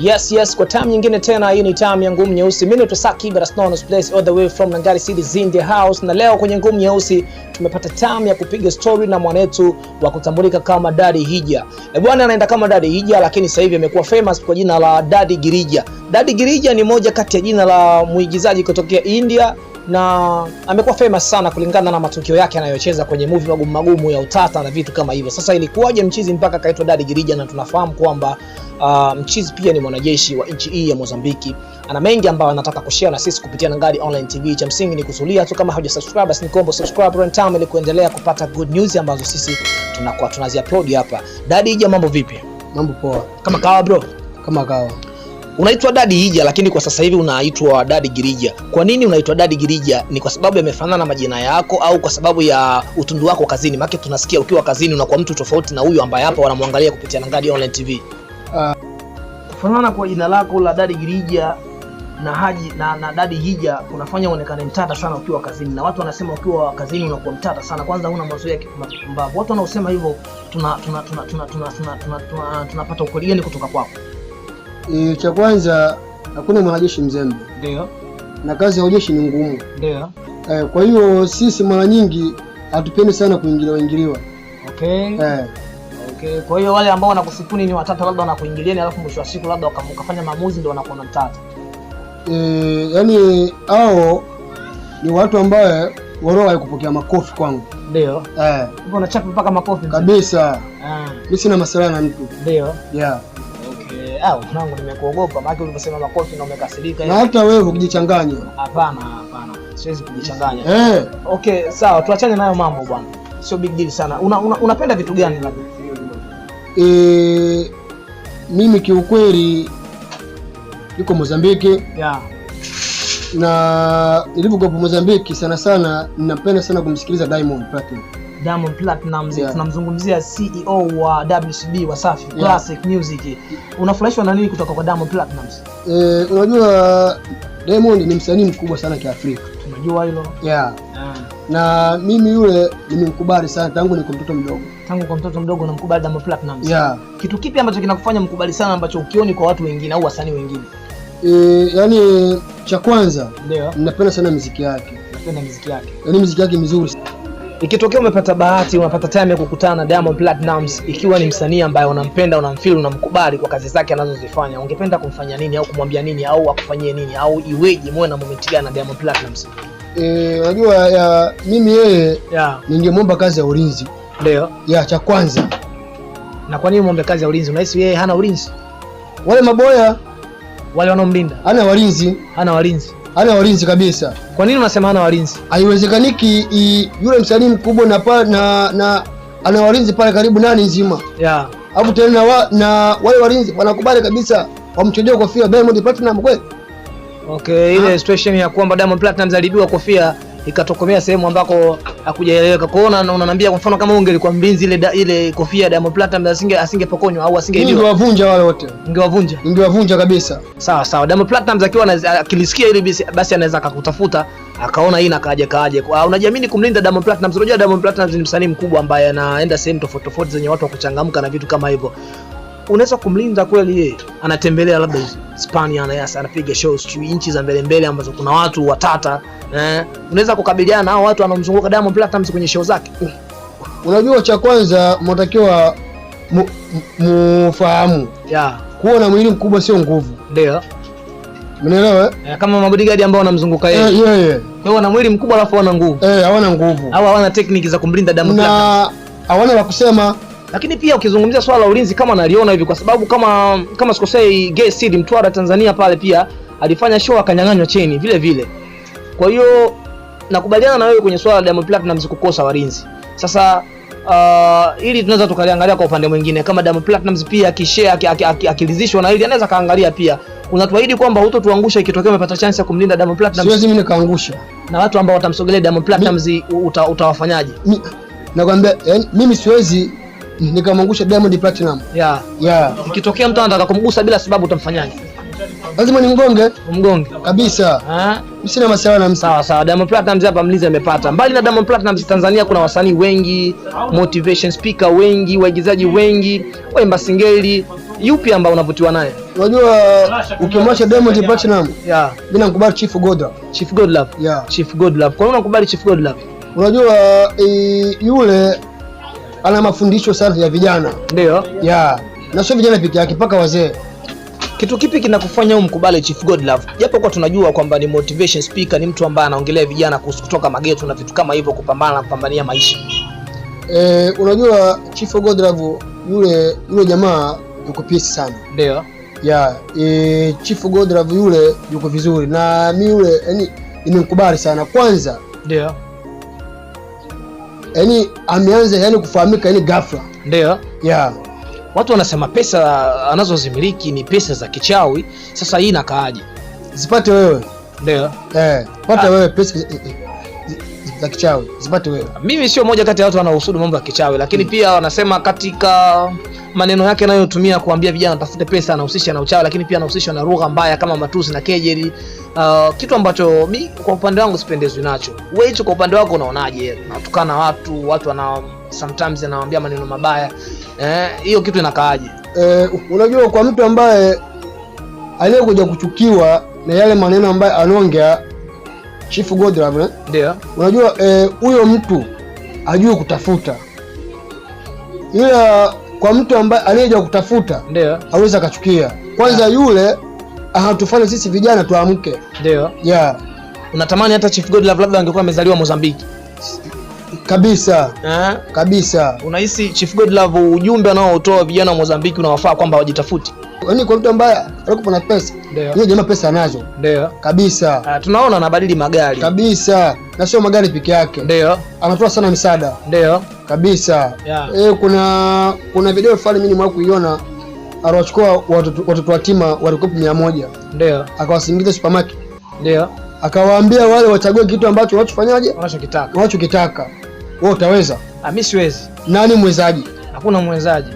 Yes, yes, kwa time nyingine tena, hii ni time ya ngumu nyeusi. Mimi ni Saki Bara known as place all the way from Nangali City in the house, na leo kwenye ngumu nyeusi tumepata time ya kupiga story na mwanetu wa kutambulika kama Daddy Hija. E bwana, anaenda kama Daddy Hija, lakini sasa hivi amekuwa famous kwa jina la Daddy Girija. Daddy Girija ni moja kati ya jina la muigizaji kutokea India na amekuwa famous sana kulingana na matukio yake anayocheza kwenye movie magumu magumu ya utata na vitu kama hivyo. Sasa ilikuwaje mchizi mpaka akaitwa Daddy Girija? Na tunafahamu kwamba Ah, Mchizi um, pia ni mwanajeshi wa nchi hii ya Mozambiki. Ana mengi ambayo anataka kushare na sisi kupitia Nangali Online TV. Cha msingi ni kuzulia tu, kama hauja subscribe basi nikombo subscribe run time, ili kuendelea kupata good news ambazo sisi tunakuwa tunazi upload hapa. Dadi Ija, mambo vipi? Mambo poa. Kama kawa bro, kama kawa. Unaitwa Dadi Hija lakini kwa sasa hivi unaitwa Dadi Girija. Kwa nini unaitwa Dadi Girija? Ni kwa sababu yamefanana majina yako au kwa sababu ya utundu wako kazini? Maana tunasikia ukiwa kazini unakuwa mtu tofauti na huyu ambaye hapa wanamwangalia kupitia Nangadi Online TV kufanana uh, kwa jina lako la Dadi Girija na Haji na, na Dadi Hija kunafanya uonekane mtata sana ukiwa kazini, na watu wanasema ukiwa kazini unakuwa mtata sana. Kwanza huna mazoea ya kipumbavu. Watu wanaosema hivyo tunapata tuna, tuna, tuna, tuna, tuna, tuna, tuna ukweli gani kutoka kwako? E, cha kwanza hakuna mwanajeshi mzembe, ndio, na kazi ya ujeshi ni ngumu, ndio. E, kwa hiyo sisi mara nyingi hatupendi sana kuingiliwa ingiliwa, okay. E. Okay, kwa hiyo wale ambao wanakusipuni ni watata, labda wanakuingiliani alafu mwisho wa siku labda wakafanya maamuzi ndio wanakuwa mtata. Eh, mm, yani hao ni watu ambao wao wao kupokea makofi kwangu. Ndio. Eh. Upo unachapa mpaka makofi. Kabisa. Ah. Mimi sina masuala na mtu. Ndio. Yeah. Okay. Ah, mwanangu nimekuogopa maana uliposema makofi na umekasirika. Na hata wewe hukujichanganya. Hapana, hapana. Siwezi kujichanganya. Eh. Okay, sawa, tuachane nayo mambo bwana. Sio big deal sana. Unapenda Una, una, vitu gani labda? e, mimi kiukweli yuko Mozambiki yeah. Na nilivyokuwa Mozambiki sana sana ninapenda sana kumsikiliza Diamond Platinum. Diamond Platinum yeah. Tunamzungumzia CEO wa WCB Wasafi yeah. Classic Music. Unafurahishwa na nini kutoka kwa Diamond Platinum? E, unajua Diamond ni msanii mkubwa sana kiafrika. Tunajua hilo. Yeah. Yeah. Na mimi yule nimemkubali sana tangu niko mtoto mdogo tangu kwa mtoto mdogo na unamkubali Diamond Platnumz. Yeah. Kitu kipi ambacho kinakufanya mkubali sana ambacho ukioni kwa watu wengine au wasanii wengine? E, yani cha kwanza ninapenda sana muziki yake. Napenda muziki yake. Yaani muziki yake mizuri. Ikitokea umepata bahati unapata time ya kukutana na Diamond Platnumz, ikiwa ni msanii ambaye unampenda, unamfeel, unamkubali kwa kazi zake anazozifanya, ungependa kumfanya nini au kumwambia nini au akufanyie nini au iweje muwe na moment gani na Diamond Platnumz? Eh, ya mimi yeye yeah, ningemwomba kazi ya ulinzi ndio. Ya cha kwanza. Na kwa nini muombe kazi ya ulinzi? Unahisi yeye hana ulinzi? Wale maboya wale wanaomlinda. Hana walinzi, hana walinzi. Hana walinzi kabisa. Kwa nini unasema hana walinzi? Haiwezekaniki yule msanii mkubwa na pa, na na ana walinzi pale karibu nani nzima. Ya. Hapo tena wa, na wale walinzi wanakubali kabisa wamchojoe kofia Diamond Platinum kweli? Okay, ile ah. situation ya kwamba Diamond Platinum zalibiwa kofia ikatokomea sehemu ambako hakujaeleweka. Kwa hiyo unaniambia, kwa mfano kama ungelikuwa mlinzi, ile ile kofia Diamond Platnumz asinge asingepokonywa au hiyo. Ningewavunja wale wote, Ningewavunja. Ningewavunja kabisa. Sawa sawa, Diamond Platnumz akiwa akilisikia ile basi, anaweza akakutafuta akaona hii na kaje kaje. Unajiamini kumlinda Diamond Platnumz? Unajua Diamond Platnumz ni msanii mkubwa ambaye anaenda sehemu tofauti tofauti zenye watu wa kuchangamka na vitu kama hivyo unaweza kumlinda kweli yeye anatembelea labda Hispania na yasa anapiga shows tu nchi za mbele mbele ambazo kuna watu watata eh, unaweza kukabiliana na hao watu wanaomzunguka Diamond Platnumz kwenye show zake. uh. Unajua, cha kwanza mnatakiwa mufahamu yeah, kuwa na mwili mkubwa sio nguvu, ndio mnaelewa eh, eh kama mabodigadi ambao wanamzunguka yeye eh, yeah, yeah. Kwa hiyo wana mwili mkubwa alafu hawana nguvu eh, hawana nguvu au hawana technique za kumlinda Diamond Platnumz, hawana la kusema lakini pia ukizungumzia swala la ulinzi kama naliona hivi, kwa sababu kama kama sikosei, Gay Mtwara Tanzania pale pia alifanya show akanyang'anywa cheni vile vile. Kwa hiyo nakubaliana na wewe kwenye swala la Diamond platinum kukosa walinzi. Sasa uh, ili tunaweza tukaliangalia kwa upande mwingine, kama Diamond platinum pia akishare akilizishwa na ili anaweza kaangalia pia. Unatuahidi kwamba huto tuangusha ikitokea umepata chance ya kumlinda Diamond platinum Siwezi mimi nikaangusha. Na watu ambao watamsogelea Diamond platinum utawafanyaje? Nakwambia, yani mimi siwezi nikamwangusha Diamond Platinum. Yeah. Yeah. Ikitokea mtu anataka kumgusa bila sababu utamfanyaje? Lazima ni mgonge. Mgonge. Kabisa. Ah. Msina masawa na msa. Sawa sawa. Diamond Platinum hapa mlizi amepata. Mbali na Diamond Platinum Tanzania kuna wasanii wengi, motivation speaker wengi, waigizaji wengi, waimba singeli. Yupi ambao unavutiwa naye? Unajua ukimwacha Diamond Platinum, yeah. Mimi nakubali Chief Godlove. Chief Godlove. Yeah. Chief Godlove. Kwa nini unakubali Chief Godlove? Unajua e, yule ana mafundisho sana ya vijana. Ndio. ya Na sio vijana peke yake mpaka wazee. Kitu kipi kinakufanya mkubali Chief Godlove? Japo kwa tunajua kwamba ni motivation speaker, ni mtu ambaye anaongelea vijana kuhusu kutoka mageto na vitu kama hivyo, kupambana na kupambania maisha. e, unajua Chief Godlove yule yule jamaa yuko peace sana. Ndio. ya e, Chief Godlove yule yuko vizuri na mi yule yani nimekubali sana kwanza. Ndio yani ameanza yani kufahamika yani ghafla. Ndio. Yeah. Watu wanasema pesa anazozimiliki ni pesa za kichawi. Sasa hii inakaaje? Zipate wewe. Ndio. Eh, pata ah. wewe pesa eh, eh, za kichawi zipate wewe. Mimi sio moja kati ya watu wanaohusudu mambo ya kichawi, lakini hmm. pia wanasema katika maneno yake anayotumia kuambia vijana tafute pesa, anahusisha na uchawi, lakini pia anahusisha na lugha mbaya kama matusi na kejeli, uh, kitu ambacho mi kwa upande wangu sipendezwi nacho. Wewe hicho kwa upande wako unaonaje? Natukana watu, watu wana sometimes anawaambia maneno mabaya, eh, hiyo eh, kitu inakaaje? Eh, unajua kwa mtu ambaye aliyekuja kuchukiwa na yale maneno ambayo anaongea Chief eh? ndio. Unajua eh, huyo eh, mtu ajue kutafuta, ila kwa mtu ambaye anayejua kutafuta ndio awezi akachukia kwanza yeah. Yule anatufanya sisi vijana tuamke ndio yeah. Unatamani hata Chief Godlove labda angekuwa amezaliwa Mozambiki kabisa ha? Eh? Kabisa. Unahisi Chief Godlove ujumbe anaotoa vijana wa Mozambiki unawafaa kwamba wajitafuti, yaani kwa mtu ambaye alikuwa na pesa ndio. Jamaa pesa anazo. Ndio. Kabisa. Ah, tunaona anabadili magari. Kabisa. Na sio magari peke yake. Ndio. Anatoa sana msaada. Ndio. Kabisa. Yeah. Eh, kuna kuna video fulani mimi nimewahi kuiona aliwachukua watoto watima walikuwa mia moja. Ndio. Akawasingiza supermarket. Ndio. Akawaambia wale wachague kitu ambacho wanachofanyaje? Wanachokitaka. Wanachokitaka. Wewe utaweza? Ah, mimi siwezi. Nani mwezaji? Hakuna mwezaji.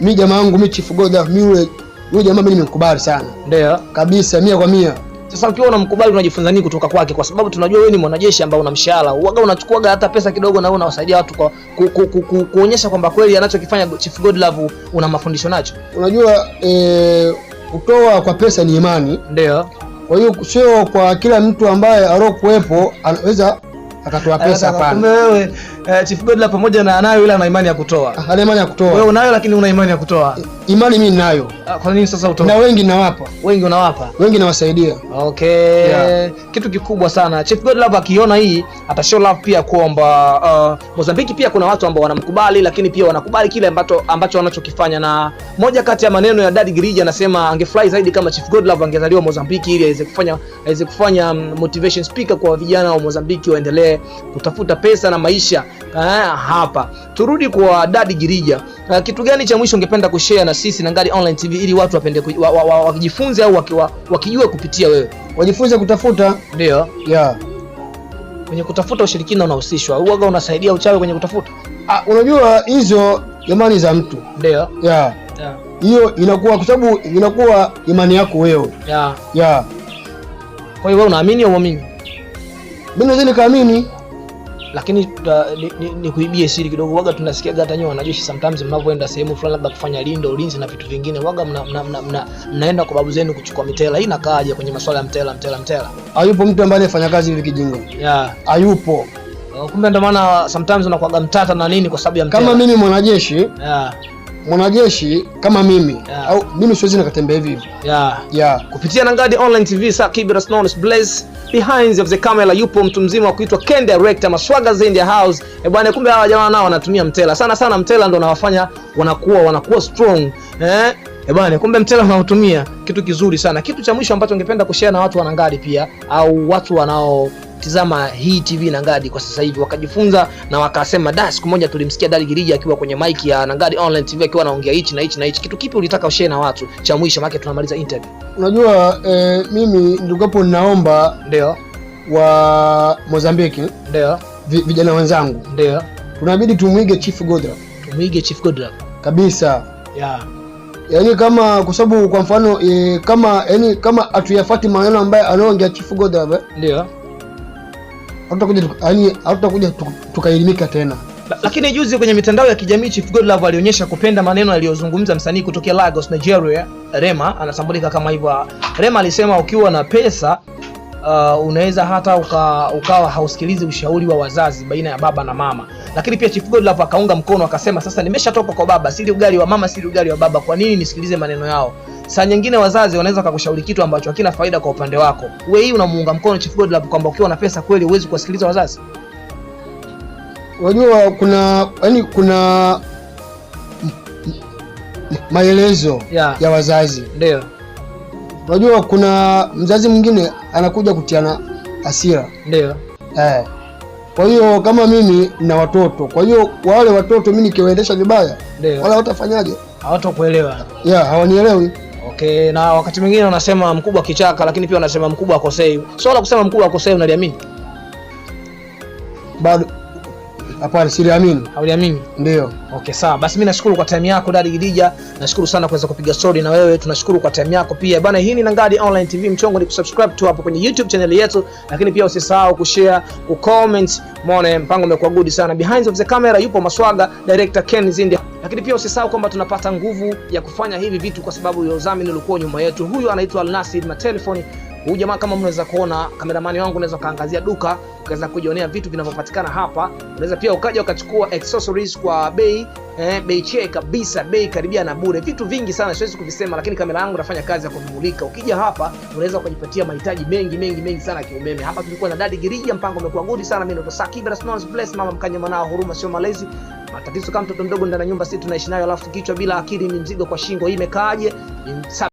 Mimi jamaa wangu mimi Chief Goda, mimi Huyu jamaa mimi nimemkubali sana. Ndio. Kabisa mia kwa mia. Sasa ukiwa unamkubali unajifunza nini kutoka kwake? Kwa sababu tunajua wewe ni mwanajeshi ambaye una mshahara, uaga unachukuaga hata pesa kidogo, na wewe unawasaidia watu kwa ku, ku, ku, ku, kuonyesha kwamba kweli anachokifanya Chief Godlove una mafundisho nacho. Unajua eh, kutoa kwa pesa ni imani. Ndio. Kwa hiyo sio kwa kila mtu ambaye alokuwepo anaweza akatoa pesa hapana. Wewe e, Chief Godlove pamoja na anayo, ila ana imani ya kutoa. Ana imani ya kutoa. Wewe unayo, lakini una imani ya kutoa. E, Imani mimi ninayo. Ah, kwa nini sasa uto? Na wengi nawapa. Wengi unawapa? Wengi nawasaidia. Okay. Yeah. Kitu kikubwa sana. Chief god love akiona hii atashow love pia kwamba uh, Mozambiki pia kuna watu ambao wanamkubali lakini pia wanakubali kile ambacho ambacho wanachokifanya na moja kati ya maneno ya Daddy Girija anasema angefurahi zaidi kama Chief god love angezaliwa Mozambiki ili aweze kufanya aweze kufanya um, motivation speaker kwa vijana wa Mozambiki waendelee kutafuta pesa na maisha. Uh, hapa. Turudi kwa Daddy Girija. Uh, kitu gani cha mwisho ungependa kushare na sisi na Nangadi Online TV ili watu wapende wakijifunze wa, wa, wa, au wakijua kupitia wewe wajifunze kutafuta. Ndio. Yeah. Kwenye kutafuta ushirikina unahusishwa, uoga unasaidia uchawi kwenye kutafuta. Ah, unajua hizo imani za mtu. Ndio. Yeah. Hiyo yeah. Inakuwa kwa sababu inakuwa imani yako wewe. Yeah. Yeah. Kwa hiyo wewe unaamini au uamini? Mimi nadhani kaamini lakini nikuibie ni siri kidogo, waga tunasikiaga hata nyewe wanajeshi sometimes, mnavyoenda sehemu fulani labda kufanya lindo ulinzi na vitu vingine, waga mnaenda mna, mna, mna kwa babu zenu kuchukua mitela. Hii nakaaja kwenye masuala ya mtela mtela mtela? Hayupo mtu ambaye anafanya kazi hivi kijingo yeah, hayupo. Oh, kumbe ndio maana sometimes unakuaga mtata na nini kwa sababu ya mtela. Kama mimi mwanajeshi, yeah mwanajeshi kama mimi yeah. au mimi siwezi nikatembea hivi hivi yeah. yeah. kupitia Nangadi Online TV saa Kibra Snones Blaze behind of the camera yupo mtu mzima wa kuitwa Ken Director Maswaga Zindi House. e bwana, kumbe hawa jamaa nao wanatumia mtela sana sana, mtela ndo nawafanya wanakuwa wanakuwa strong eh E bwana, kumbe mtela unaotumia kitu kizuri sana. Kitu cha mwisho ambacho ungependa kushare na watu wanangadi pia au watu wanao wanaitizama hii TV Nangadi kwa sasa hivi wakajifunza na wakasema, da, siku moja tulimsikia Dali Girija akiwa kwenye mic ya Nangadi Online TV akiwa anaongea hichi na hichi na hichi. Kitu kipi ulitaka ushare na watu cha mwisho, maana tunamaliza interview? Unajua eh, mimi ndugapo ninaomba ndio wa Mozambiki ndio vijana wenzangu ndio tunabidi tumwige Chief Godra, tumwige Chief Godra kabisa ya yeah. Yaani kama kwa sababu kwa mfano e, kama yani kama atuyafati maneno ambayo anaongea Chief Godlove eh, ndio hatutakuja yaani, hatutakuja tukaelimika tena. Lakini juzi kwenye mitandao ya kijamii Chief Godlove alionyesha kupenda maneno aliyozungumza msanii kutokea Lagos, Nigeria, Rema anatambulika kama hivyo. Rema alisema ukiwa na pesa uh, unaweza hata uka, ukawa hausikilizi ushauri wa wazazi baina ya baba na mama. Lakini pia Chief Godlove akaunga mkono akasema, sasa nimeshatoka kwa baba, sili ugali wa mama, sili ugali wa baba, kwa nini nisikilize maneno yao? Saa nyingine wazazi wanaweza kukushauri kitu ambacho hakina faida kwa upande wako. Wewe hii unamuunga mkono Chief Godlove kwamba ukiwa na pesa kweli huwezi kuwasikiliza wazazi? Unajua kuna yani kuna maelezo yeah, ya wazazi ndio Unajua kuna mzazi mwingine anakuja kutiana hasira. Ndio. Eh. Kwa hiyo kama mimi na watoto, kwa hiyo wale watoto mimi nikiwaendesha vibaya, wala watafanyaje hawatokuelewa Yeah, hawanielewi. Okay, na wakati mwingine wanasema mkubwa kichaka, lakini pia wanasema mkubwa akosei. Swala kusema mkubwa akosei unaliamini? Bado Hapana, siliamini. Hauliamini? Ndio. Okay, sawa. Basi mimi nashukuru kwa time yako Dadi Gidija. Nashukuru sana kuweza kupiga story na wewe. Tunashukuru kwa time yako pia. Bana, hii ni Nangadi Online TV. Mchongo ni kusubscribe tu hapo kwenye YouTube channel yetu, lakini pia usisahau kushare, kucomment. Muone mpango umekuwa good sana. Behind of the camera yupo Maswaga, director Ken Zindi. Lakini pia usisahau kwamba tunapata nguvu ya kufanya hivi vitu kwa sababu ya udhamini uliokuwa nyuma yetu. Huyu anaitwa Alnasir na telefoni Huyu jamaa kama mnaweza kuona, kameramani wangu, unaweza ukaangazia duka ukaweza kujionea vitu vinavyopatikana hapa. Unaweza pia ukaja ukachukua accessories kwa bei eh, bei chie kabisa, bei karibia na bure. Vitu vingi sana siwezi kuvisema, lakini kamera yangu inafanya kazi ya kumulika. Ukija hapa unaweza ukajipatia mahitaji mengi mengi mengi sana kiumeme. Hapa tulikuwa na dadi Girija, mpango umekuwa good sana. Mimi ndo Saki Brass Bless, mama mkanya mwanao, huruma sio malezi matatizo kama mtoto mdogo ndani ya nyumba, sisi tunaishi nayo, alafu kichwa bila akili ni mzigo kwa shingo. Hii imekaaje?